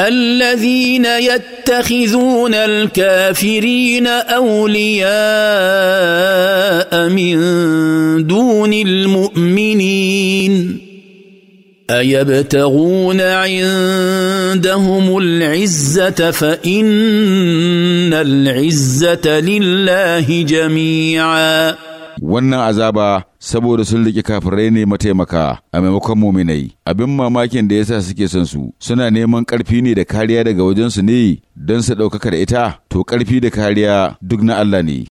الذين يتخذون الكافرين اولياء من دون المؤمنين ايبتغون عندهم العزه فان العزه لله جميعا wannan azaba saboda sun riƙe kafirai ne mataimaka a maimakon muminai abin mamakin da yasa suke son su suna neman ƙarfi ne da kariya daga wajensu ne don su ɗaukaka da ita to ƙarfi da kariya duk na Allah ne